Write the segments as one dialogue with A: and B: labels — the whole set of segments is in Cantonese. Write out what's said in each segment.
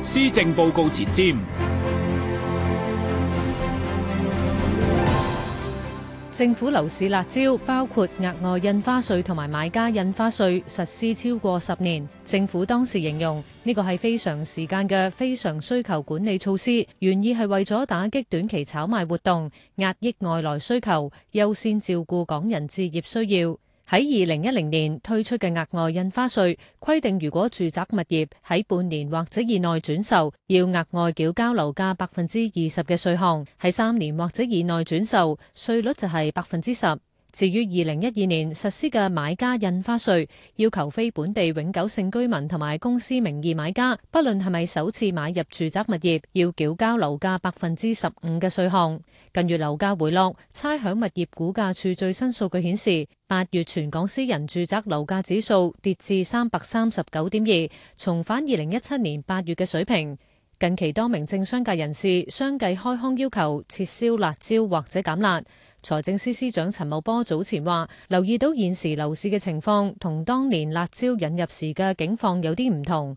A: 施政報告前瞻，
B: 政府樓市辣招包括額外印花稅同埋買家印花稅，實施超過十年。政府當時形容呢個係非常時間嘅非常需求管理措施，原意係為咗打擊短期炒賣活動，壓抑外來需求，優先照顧港人置業需要。喺二零一零年推出嘅額外印花稅規定，如果住宅物業喺半年或者以內轉售，要額外繳交樓價百分之二十嘅稅項；喺三年或者以內轉售，稅率就係百分之十。至於二零一二年實施嘅買家印花稅，要求非本地永久性居民同埋公司名義買家，不論係咪首次買入住宅物業，要繳交樓價百分之十五嘅稅項。近月樓價回落，差餉物業估價處最新數據顯示，八月全港私人住宅樓價指數跌至三百三十九點二，重返二零一七年八月嘅水平。近期多名政商界人士相繼開腔，要求撤銷辣招或者減辣。財政司司長陳茂波早前話：留意到現時樓市嘅情況，同當年辣招引入時嘅境況有啲唔同。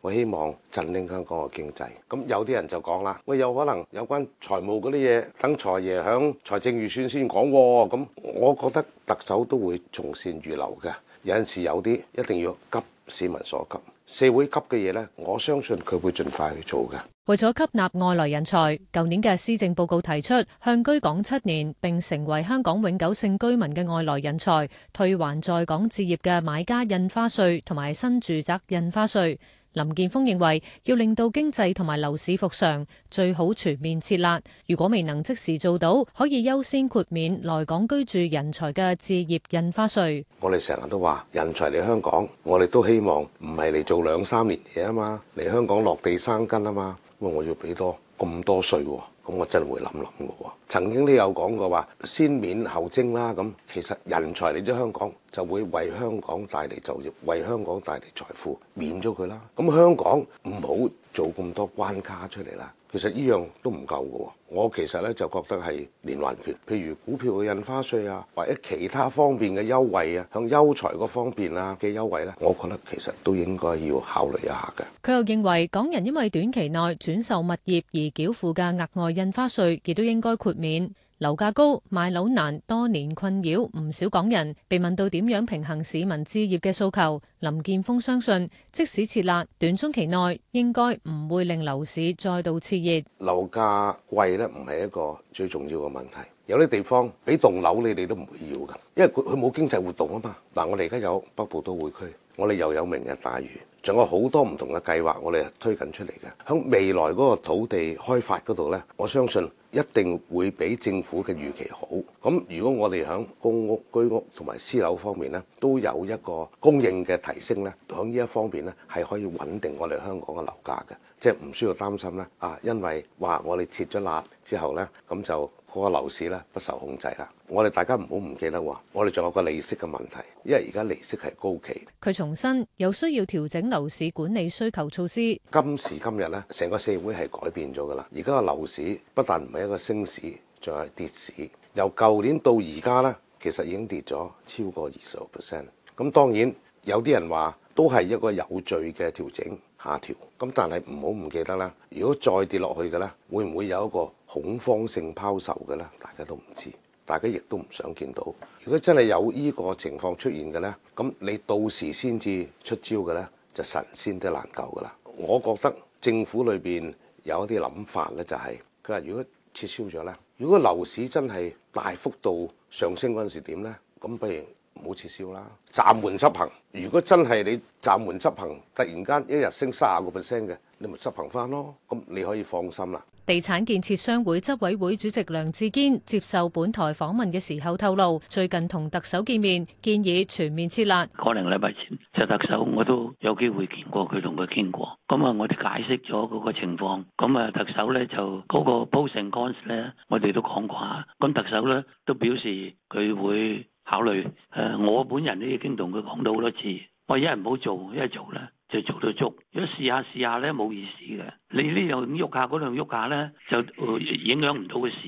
C: 我希望振領香港嘅經濟。咁有啲人就講啦，喂，有可能有關財務嗰啲嘢，等財爺響財政預算先講喎。咁我覺得特首都會從善如流嘅。有陣時有啲一定要急市民所急，社會急嘅嘢呢，我相信佢會盡快去做嘅。
B: 為咗吸納外來人才，舊年嘅施政報告提出，向居港七年並成為香港永久性居民嘅外來人才退還在港置業嘅買家印花稅同埋新住宅印花稅。林健鋒認為，要令到經濟同埋樓市複常，最好全面撤辣。如果未能即時做到，可以優先豁免來港居住人才嘅置業印花稅。
C: 我哋成日都話，人才嚟香港，我哋都希望唔係嚟做兩三年嘢啊嘛，嚟香港落地生根啊嘛。喂，我要俾多咁多稅喎、啊。咁我真係會諗諗喎，曾經都有講過話先免後徵啦，咁其實人才嚟咗香港就會為香港帶嚟就業，為香港帶嚟財富，免咗佢啦，咁香港唔好做咁多關卡出嚟啦。其實依樣都唔夠嘅喎，我其實咧就覺得係連環拳，譬如股票嘅印花稅啊，或者其他方面嘅優惠啊，向優才嗰方面啊嘅優惠咧，我覺得其實都應該要考慮一下嘅。
B: 佢又認為港人因為短期內轉售物業而繳付嘅額外印花稅，亦都應該豁免。樓價高，買樓難，多年困擾唔少港人。被問到點樣平衡市民置業嘅訴求，林健鋒，相信即使設立，短中期內應該唔會令樓市再度熾熱。樓
C: 價貴咧唔係一個最重要嘅問題。有啲地方俾棟樓你哋都唔會要噶，因為佢佢冇經濟活動啊嘛。嗱，我哋而家有北部都會區。我哋又有明日大嶼，仲有好多唔同嘅計劃，我哋啊推進出嚟嘅。喺未來嗰個土地開發嗰度咧，我相信一定會比政府嘅預期好。咁如果我哋喺公屋、居屋同埋私樓方面咧，都有一個供應嘅提升咧，喺呢一方面咧，係可以穩定我哋香港嘅樓價嘅，即係唔需要擔心咧啊，因為話我哋撤咗辣之後咧，咁就嗰個樓市咧，不受控制啦。我哋大家唔好唔記得話，我哋仲有個利息嘅問題，因為而家利息係高企。
B: 佢重申有需要調整樓市管理需求措施。
C: 今時今日咧，成個社會係改變咗噶啦。而家個樓市不但唔係一個升市，仲係跌市。由舊年到而家呢，其實已經跌咗超過二十個 percent。咁當然有啲人話都係一個有序嘅調整、下調。咁但係唔好唔記得啦。如果再跌落去嘅呢，會唔會有一個恐慌性拋售嘅呢？大家都唔知，大家亦都唔想見到。如果真係有呢個情況出現嘅呢，咁你到時先至出招嘅呢，就神仙都難救噶啦。我覺得政府裏邊有一啲諗法呢、就係，就係佢話如果撤銷咗呢。如果樓市真係大幅度上升嗰陣時點呢，咁不如？唔好撤銷啦，暫緩執行。如果真係你暫緩執行，突然間一日升卅個 percent 嘅，你咪執行翻咯。咁你可以放心啦。
B: 地產建設商會執委會主席梁志堅接受本台訪問嘅時候透露，最近同特首見面，建議全面撤辣。
D: 可能禮拜前，就特首我都有機會見過佢，同佢傾過。咁啊，我哋解釋咗嗰個情況。咁啊，特首咧就嗰個 pros and cons 咧，我哋都講過下。咁特首咧都表示佢會。考慮誒、呃，我本人呢已經同佢講到好多次，我一係唔好做，一係做咧就做到足。如果試下試下咧，冇意思嘅。你呢度喐下嗰度喐下咧，就、呃、影響唔到個市。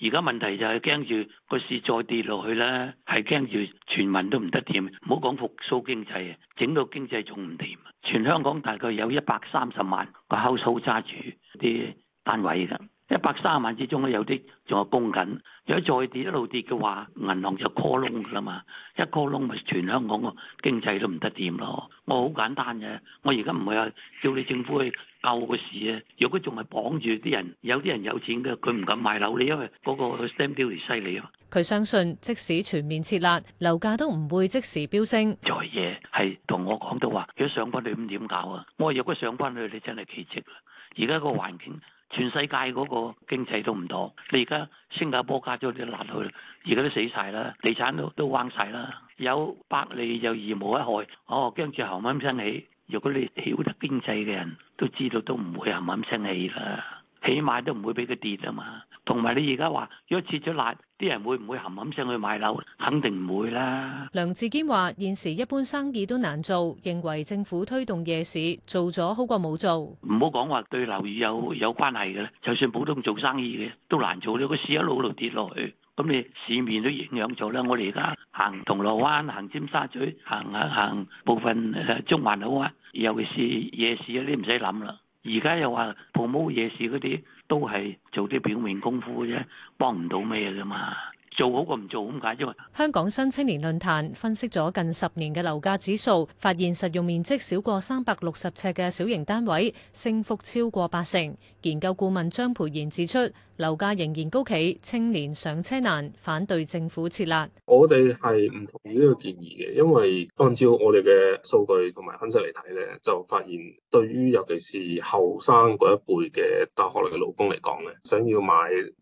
D: 而家問題就係驚住個市再跌落去咧，係驚住全民都唔得掂。唔好講復甦經濟，整到經濟仲唔掂？全香港大概有一百三十萬個戶數揸住啲單位嘅。一百三十萬之中咧，有啲仲係供緊。如果再跌一路跌嘅話，銀行就 call 窿㗎啦嘛，一 call 窿咪全香港個經濟都唔得掂咯。我好簡單嘅，我而家唔會話叫你政府去救個市啊。若果仲係綁住啲人，有啲人有錢嘅，佢唔敢買樓，你因為嗰個 standby 嚟犀利啊。
B: 佢相信即使全面撤辣樓價都唔會即時飆升，
D: 在嘢係同我講到話，如果上翻去咁點搞啊？我話若果上翻去，你真係奇蹟啦。而家個環境。全世界嗰個經濟都唔妥。你而家新加坡加咗啲辣去，而家都死晒啦，地產都都崩曬啦，有百利就而無一害。哦，驚住後晚升起，如果你曉得經濟嘅人都知道，都唔會後晚升起啦，起碼都唔會俾佢跌啊嘛。同埋你而家話，如果切咗辣。啲人會唔會冚冚聲去買樓？肯定唔會啦。
B: 梁志堅話：現時一般生意都難做，認為政府推動夜市做咗好過冇做。
D: 唔好講話對樓宇有有關係嘅咧，就算普通做生意嘅都難做。你個市一路度跌落去，咁你市面都影響咗啦。我哋而家行銅鑼灣、行尖沙咀、行行部分中環好啊，尤其是夜市嗰啲唔使諗啦。而家又話鋪模夜市嗰啲都係做啲表面功夫啫，幫唔到咩㗎嘛。做好過唔做咁解，因為
B: 香港新青年論壇分析咗近十年嘅樓價指數，發現實用面積少過三百六十尺嘅小型單位升幅超過八成。研究顧問張培賢指出，樓價仍然高企，青年上車難，反對政府設立。
A: 我哋係唔同意呢個建議嘅，因為按照我哋嘅數據同埋分析嚟睇咧，就發現對於尤其是後生嗰一輩嘅大學嚟嘅老公嚟講咧，想要買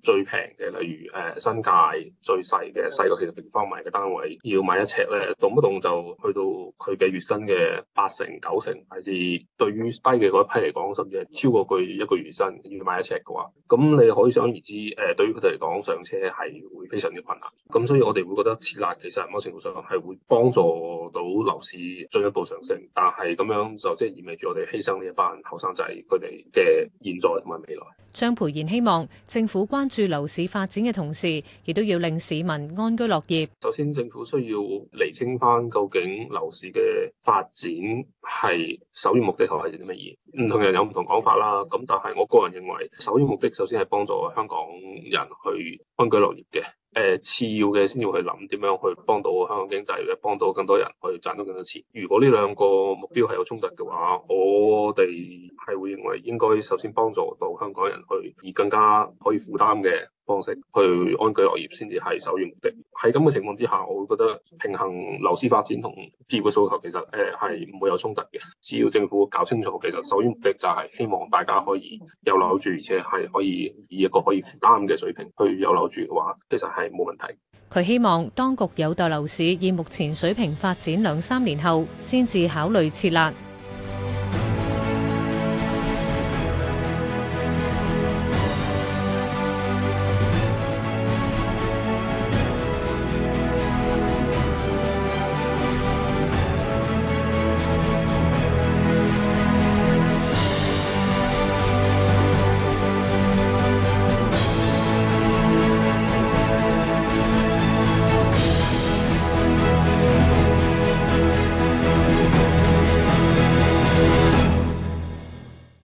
A: 最平嘅，例如誒新界。最細嘅細過四十平方米嘅單位，要買一尺咧，動不動就去到佢嘅月薪嘅八成、九成，係至對於低嘅嗰一批嚟講，甚至超過佢一個月薪要買一尺嘅話，咁你可以想而知，誒，對於佢哋嚟講，上車係會非常之困難。咁所以我哋會覺得撤辣其實某程度上係會幫助到樓市進一步上升，但係咁樣就即係意味住我哋犧牲呢一班後生仔佢哋嘅現在同埋未來。
B: 張培賢希望政府關注樓市發展嘅同時，亦都要令。市民安居樂業。首先，
A: 政府需要釐清翻究竟樓市嘅發展係首要目的還，還係啲乜嘢？唔同人有唔同講法啦。咁但係我個人認為，首要目的首先係幫助香港人去安居樂業嘅、呃。次要嘅先要去諗點樣去幫到香港經濟，幫到更多人去賺到更多錢。如果呢兩個目標係有衝突嘅話，我哋係會認為應該首先幫助到香港人去，而更加可以負擔嘅。方式去安居樂業，先至係首要目的。喺咁嘅情況之下，我會覺得平衡樓市發展同置業嘅訴求，其實誒係唔會有衝突嘅。只要政府搞清楚，其實首要目的就係希望大家可以有樓住，而且係可以以一個可以負擔嘅水平去有樓住嘅話，其實係冇問題。
B: 佢希望當局有待樓市以目前水平發展兩三年後，先至考慮設立。